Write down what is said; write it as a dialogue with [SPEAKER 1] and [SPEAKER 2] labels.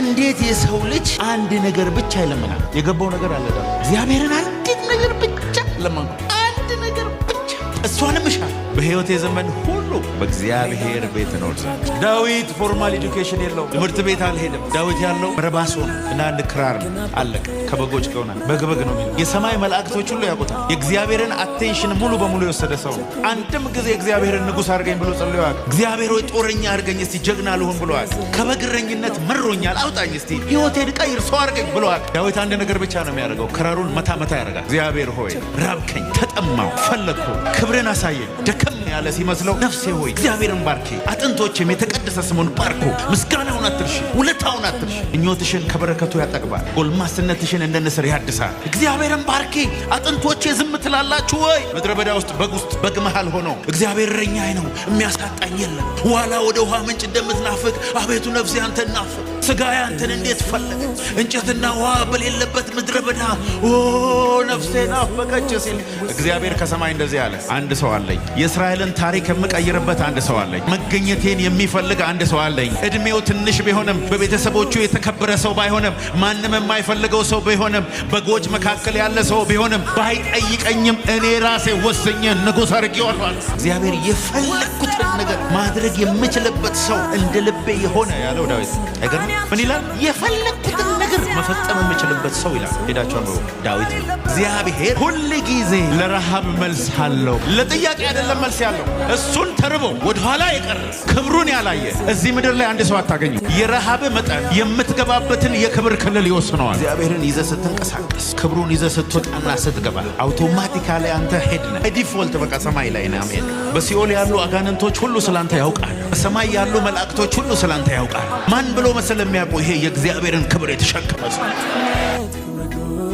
[SPEAKER 1] እንዴት የሰው ልጅ አንድ ነገር ብቻ ይለምናል? የገባው ነገር አለ። እግዚአብሔርን አንዲት ነገር ብቻ ለመንኩ፣ አንድ ነገር ብቻ እሷንም እሻለሁ በሕይወቴ ዘመን ሁሉ በእግዚአብሔር ቤት ኖር ዘንድ። ዳዊት ፎርማል ኤዱኬሽን የለው ትምህርት ቤት አልሄደም ዳዊት ያለው ረባሶ እና አንድ ክራር ነው። አለቀ። ከበጎች ከሆነ በግበግ ነው የሚለው የሰማይ መላእክቶች ሁሉ ያውቁታል። የእግዚአብሔርን አቴንሽን ሙሉ በሙሉ የወሰደ ሰው ነው። አንድም ጊዜ እግዚአብሔርን ንጉሥ አድርገኝ ብሎ ጸልዮ ያውቅ። እግዚአብሔር ወይ ጦረኛ አድርገኝ እስቲ ጀግና ልሆን ብሎ ያውቅ። ከበግረኝነት መሮኛል አውጣኝ እስቲ ሕይወቴን ቀይር ሰው አድርገኝ ብሎ ያውቅ። ዳዊት አንድ ነገር ብቻ ነው የሚያደርገው፣ ክራሩን መታ መታ ያደርጋል። እግዚአብሔር ሆይ ራብከኝ፣ ተጠማው፣ ፈለግኩ፣ ክብርን አሳየኝ ደከም ያለ ሲመስለው ነፍሴ ሆይ እግዚአብሔርን ባርኪ፣ አጥንቶችም የተቀደሰ ስሙን ባርኩ። ምስጋናውን አትርሺ፣ ውለታውን አትርሽ። ምኞትሽን ከበረከቱ ያጠግባል፣ ጎልማስነትሽን እንደ ንስር ያድሳል። እግዚአብሔርን ባርኪ፣ አጥንቶቼ ዝም ትላላችሁ ወይ? ምድረ በዳ ውስጥ በግ ውስጥ በግ መሃል ሆኖ እግዚአብሔር እረኛዬ ነው፣ የሚያሳጣኝ የለም። ዋላ ወደ ውሃ ምንጭ እንደምትናፍቅ አቤቱ ነፍሴ አንተ ናፍቅ ስጋ ያንተን እንዴት ፈለገ? እንጨትና ውሃ በሌለበት ምድረ በዳ ኦ ነፍሴን ሲል እግዚአብሔር ከሰማይ እንደዚህ አለ። አንድ ሰው አለኝ። የእስራኤልን ታሪክ የምቀይርበት አንድ ሰው አለኝ። መገኘቴን የሚፈልግ አንድ ሰው አለኝ። እድሜው ትንሽ ቢሆንም፣ በቤተሰቦቹ የተከበረ ሰው ባይሆንም፣ ማንም የማይፈልገው ሰው ቢሆንም፣ በጎች መካከል ያለ ሰው ቢሆንም፣ ባይጠይቀኝም እኔ ራሴ ወስኜ ንጉሥ አድርጌዋለሁ። እግዚአብሔር የፈለግኩትን ነገር ማድረግ የምችልበት ሰው እንደ ልቤ የሆነ ያለው ዳዊት ምክንያት ፈኒላ የፈለግኩትን መፈጸም የምችልበት ሰው ይላል። ሄዳቸው ዳዊት ነው። እግዚአብሔር ሁል ጊዜ ለረሃብ መልስ አለው። ለጥያቄ አይደለም መልስ ያለው እሱን ተርቦ ወደኋላ የቀረ ክብሩን ያላየ እዚህ ምድር ላይ አንድ ሰው አታገኙ። የረሃብ መጠን የምትገባበትን የክብር ክልል ይወስነዋል። እግዚአብሔርን ይዘ ስትንቀሳቀስ፣ ክብሩን ይዘ ስትወጣና ስትገባ አውቶማቲካሊ አንተ ሄድ ነ ዲፎልት በቃ ሰማይ ላይ ነ ሄድ በሲኦል ያሉ አጋንንቶች ሁሉ ስላንተ ያውቃል። በሰማይ ያሉ መላእክቶች ሁሉ ስላንተ ያውቃል። ማን ብሎ መስል የሚያውቁ ይሄ የእግዚአብሔርን ክብር የተሸከመ go.